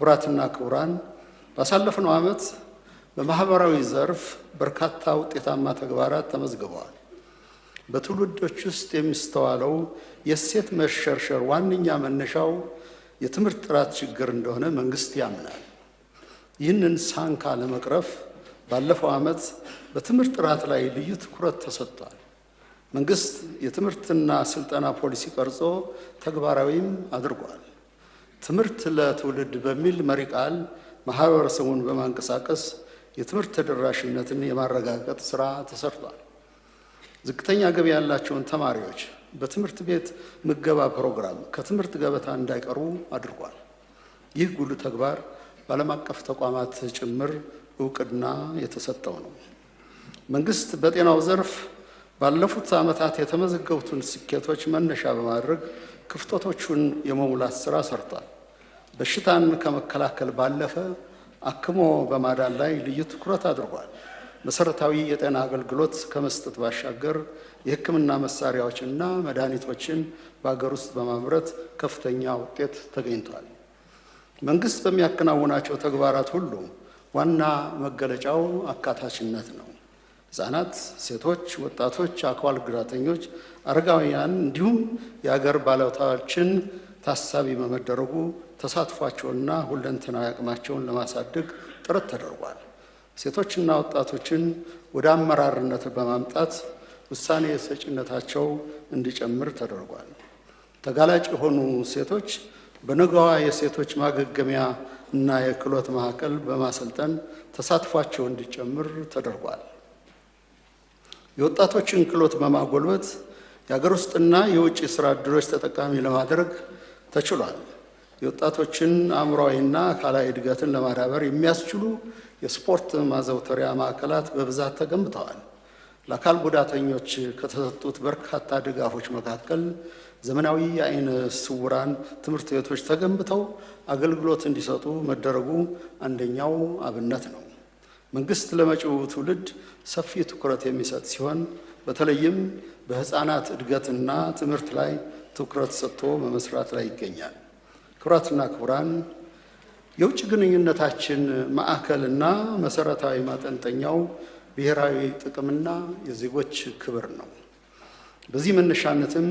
ክቡራትና ክቡራን ባሳለፍነው ዓመት በማህበራዊ ዘርፍ በርካታ ውጤታማ ተግባራት ተመዝግበዋል። በትውልዶች ውስጥ የሚስተዋለው የእሴት መሸርሸር ዋነኛ መነሻው የትምህርት ጥራት ችግር እንደሆነ መንግስት ያምናል። ይህንን ሳንካ ለመቅረፍ ባለፈው ዓመት በትምህርት ጥራት ላይ ልዩ ትኩረት ተሰጥቷል። መንግስት የትምህርትና ስልጠና ፖሊሲ ቀርጾ ተግባራዊም አድርጓል። ትምህርት ለትውልድ በሚል መሪ ቃል ማህበረሰቡን በማንቀሳቀስ የትምህርት ተደራሽነትን የማረጋገጥ ስራ ተሰርቷል። ዝቅተኛ ገቢ ያላቸውን ተማሪዎች በትምህርት ቤት ምገባ ፕሮግራም ከትምህርት ገበታ እንዳይቀሩ አድርጓል። ይህ ጉሉ ተግባር በዓለም አቀፍ ተቋማት ጭምር እውቅና የተሰጠው ነው። መንግስት በጤናው ዘርፍ ባለፉት ዓመታት የተመዘገቡትን ስኬቶች መነሻ በማድረግ ክፍተቶቹን የመሙላት ስራ ሰርቷል። በሽታን ከመከላከል ባለፈ አክሞ በማዳን ላይ ልዩ ትኩረት አድርጓል። መሰረታዊ የጤና አገልግሎት ከመስጠት ባሻገር የሕክምና መሳሪያዎችና መድኃኒቶችን በሀገር ውስጥ በማምረት ከፍተኛ ውጤት ተገኝቷል። መንግስት በሚያከናውናቸው ተግባራት ሁሉ ዋና መገለጫው አካታችነት ነው። ህጻናት፣ ሴቶች፣ ወጣቶች፣ አካል ጉዳተኞች፣ አረጋውያን እንዲሁም የሀገር ባለውለታዎችን ታሳቢ በመደረጉ ተሳትፏቸውና ሁለንተናዊ አቅማቸውን ለማሳደግ ጥረት ተደርጓል። ሴቶችና ወጣቶችን ወደ አመራርነት በማምጣት ውሳኔ ሰጭነታቸው እንዲጨምር ተደርጓል። ተጋላጭ የሆኑ ሴቶች በነገዋ የሴቶች ማገገሚያ እና የክህሎት ማዕከል በማሰልጠን ተሳትፏቸው እንዲጨምር ተደርጓል። የወጣቶችን ክህሎት በማጎልበት የሀገር ውስጥና የውጭ ስራ ዕድሎች ተጠቃሚ ለማድረግ ተችሏል። የወጣቶችን አእምሯዊና አካላዊ እድገትን ለማዳበር የሚያስችሉ የስፖርት ማዘውተሪያ ማዕከላት በብዛት ተገንብተዋል። ለአካል ጉዳተኞች ከተሰጡት በርካታ ድጋፎች መካከል ዘመናዊ የአይነ ስውራን ትምህርት ቤቶች ተገንብተው አገልግሎት እንዲሰጡ መደረጉ አንደኛው አብነት ነው። መንግስት ለመጪው ትውልድ ሰፊ ትኩረት የሚሰጥ ሲሆን በተለይም በህፃናት እድገትና ትምህርት ላይ ትኩረት ሰጥቶ በመስራት ላይ ይገኛል። ክቡራትና ክቡራን፣ የውጭ ግንኙነታችን ማዕከልና መሰረታዊ ማጠንጠኛው ብሔራዊ ጥቅምና የዜጎች ክብር ነው። በዚህ መነሻነትም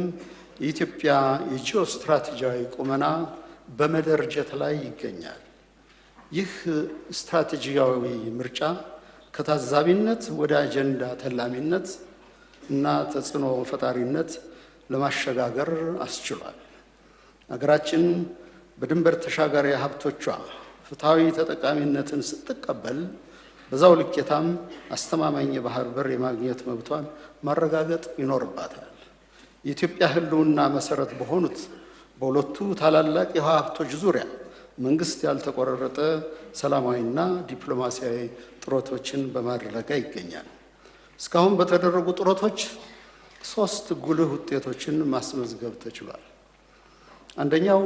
የኢትዮጵያ የጂኦ ስትራቴጂያዊ ቁመና በመደርጀት ላይ ይገኛል። ይህ ስትራቴጂያዊ ምርጫ ከታዛቢነት ወደ አጀንዳ ተላሚነት እና ተጽዕኖ ፈጣሪነት ለማሸጋገር አስችሏል። አገራችን በድንበር ተሻጋሪ ሀብቶቿ ፍትሐዊ ተጠቃሚነትን ስትቀበል በዛው ልኬታም አስተማማኝ የባህር በር የማግኘት መብቷን ማረጋገጥ ይኖርባታል። የኢትዮጵያ ሕልውና መሰረት በሆኑት በሁለቱ ታላላቅ የውሃ ሀብቶች ዙሪያ መንግስት ያልተቆራረጠ ሰላማዊና ዲፕሎማሲያዊ ጥረቶችን በማድረግ ይገኛል። እስካሁን በተደረጉ ጥረቶች ሶስት ጉልህ ውጤቶችን ማስመዝገብ ተችሏል። አንደኛው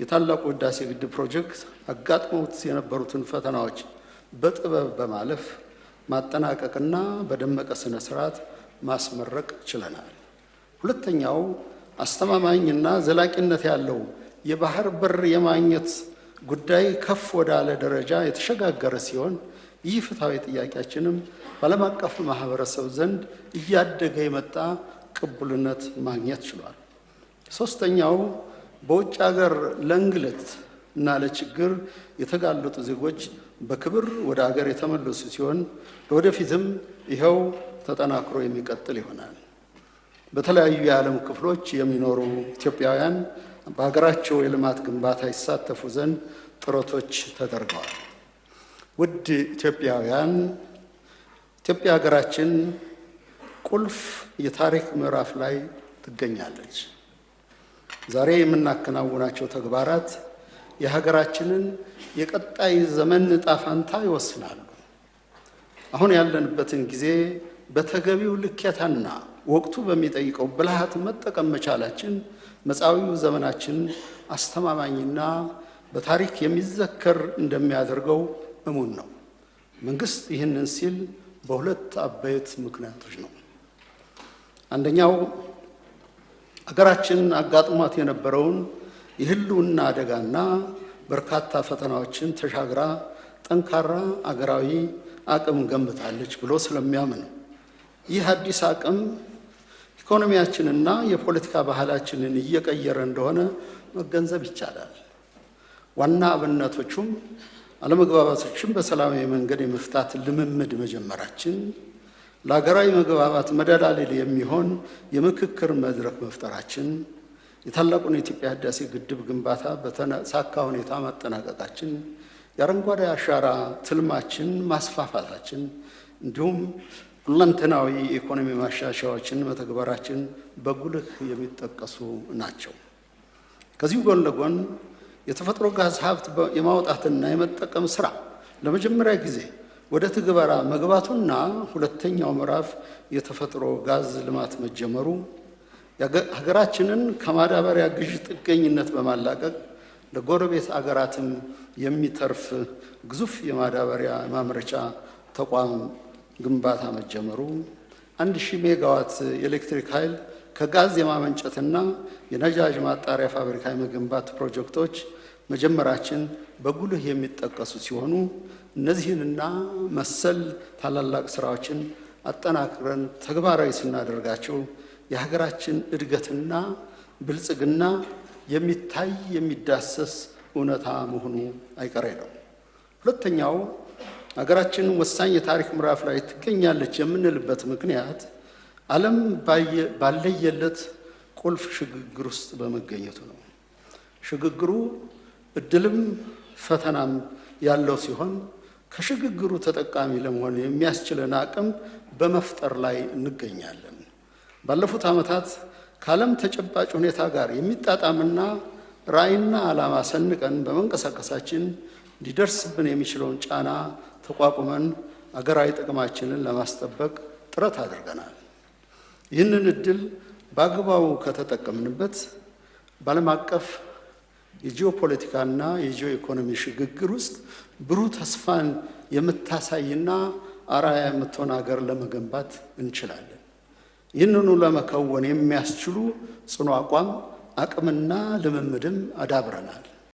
የታላቁ ህዳሴ ግድብ ፕሮጀክት አጋጥመውት የነበሩትን ፈተናዎች በጥበብ በማለፍ ማጠናቀቅና በደመቀ ስነ ስርዓት ማስመረቅ ችለናል። ሁለተኛው አስተማማኝና ዘላቂነት ያለው የባህር በር የማግኘት ጉዳይ ከፍ ወዳለ ደረጃ የተሸጋገረ ሲሆን ይህ ፍትሐዊ ጥያቄያችንም በዓለም አቀፍ ማህበረሰብ ዘንድ እያደገ የመጣ ቅቡልነት ማግኘት ችሏል። ሶስተኛው በውጭ ሀገር ለእንግልት እና ለችግር የተጋለጡ ዜጎች በክብር ወደ አገር የተመለሱ ሲሆን ለወደፊትም ይኸው ተጠናክሮ የሚቀጥል ይሆናል። በተለያዩ የዓለም ክፍሎች የሚኖሩ ኢትዮጵያውያን በሀገራቸው የልማት ግንባታ ይሳተፉ ዘንድ ጥረቶች ተደርገዋል። ውድ ኢትዮጵያውያን፣ ኢትዮጵያ ሀገራችን ቁልፍ የታሪክ ምዕራፍ ላይ ትገኛለች። ዛሬ የምናከናውናቸው ተግባራት የሀገራችንን የቀጣይ ዘመን ዕጣ ፈንታ ይወስናሉ። አሁን ያለንበትን ጊዜ በተገቢው ልኬታና ወቅቱ በሚጠይቀው ብልሃት መጠቀም መቻላችን መጻዊው ዘመናችን አስተማማኝና በታሪክ የሚዘከር እንደሚያደርገው እሙን ነው። መንግስት ይህንን ሲል በሁለት አበይት ምክንያቶች ነው። አንደኛው አገራችን አጋጥሟት የነበረውን የህልውና አደጋና በርካታ ፈተናዎችን ተሻግራ ጠንካራ አገራዊ አቅም ገንብታለች ብሎ ስለሚያምን ይህ አዲስ አቅም ኢኮኖሚያችንና የፖለቲካ ባህላችንን እየቀየረ እንደሆነ መገንዘብ ይቻላል። ዋና አብነቶቹም አለመግባባቶችን በሰላማዊ መንገድ የመፍታት ልምምድ መጀመራችን፣ ለሀገራዊ መግባባት መደላለል የሚሆን የምክክር መድረክ መፍጠራችን፣ የታላቁን የኢትዮጵያ ህዳሴ ግድብ ግንባታ በተሳካ ሁኔታ ማጠናቀቃችን፣ የአረንጓዴ አሻራ ትልማችን ማስፋፋታችን እንዲሁም ሁለንተናዊ የኢኮኖሚ ማሻሻያዎችን መተግበራችን በጉልህ የሚጠቀሱ ናቸው። ከዚሁ ጎን ለጎን የተፈጥሮ ጋዝ ሀብት የማውጣትና የመጠቀም ስራ ለመጀመሪያ ጊዜ ወደ ትግበራ መግባቱና ሁለተኛው ምዕራፍ የተፈጥሮ ጋዝ ልማት መጀመሩ ሀገራችንን ከማዳበሪያ ግዥ ጥገኝነት በማላቀቅ ለጎረቤት አገራትም የሚተርፍ ግዙፍ የማዳበሪያ ማምረቻ ተቋም ግንባታ መጀመሩ፣ አንድ ሺህ ሜጋዋት የኤሌክትሪክ ኃይል ከጋዝ የማመንጨትና የነዳጅ ማጣሪያ ፋብሪካ የመገንባት ፕሮጀክቶች መጀመራችን በጉልህ የሚጠቀሱ ሲሆኑ እነዚህንና መሰል ታላላቅ ስራዎችን አጠናክረን ተግባራዊ ስናደርጋቸው የሀገራችን እድገትና ብልጽግና የሚታይ የሚዳሰስ እውነታ መሆኑ አይቀሬ ነው። ሁለተኛው አገራችን ወሳኝ የታሪክ ምዕራፍ ላይ ትገኛለች የምንልበት ምክንያት ዓለም ባለየለት ቁልፍ ሽግግር ውስጥ በመገኘቱ ነው። ሽግግሩ እድልም ፈተናም ያለው ሲሆን ከሽግግሩ ተጠቃሚ ለመሆን የሚያስችለን አቅም በመፍጠር ላይ እንገኛለን። ባለፉት ዓመታት ከዓለም ተጨባጭ ሁኔታ ጋር የሚጣጣምና ራዕይና ዓላማ ሰንቀን በመንቀሳቀሳችን ሊደርስብን የሚችለውን ጫና ተቋቁመን አገራዊ ጥቅማችንን ለማስጠበቅ ጥረት አድርገናል። ይህንን እድል በአግባቡ ከተጠቀምንበት በዓለም አቀፍ የጂኦፖለቲካና የጂኦ ኢኮኖሚ ሽግግር ውስጥ ብሩህ ተስፋን የምታሳይና አራያ የምትሆን ሀገር ለመገንባት እንችላለን። ይህንኑ ለመከወን የሚያስችሉ ጽኑ አቋም አቅምና ልምምድም አዳብረናል።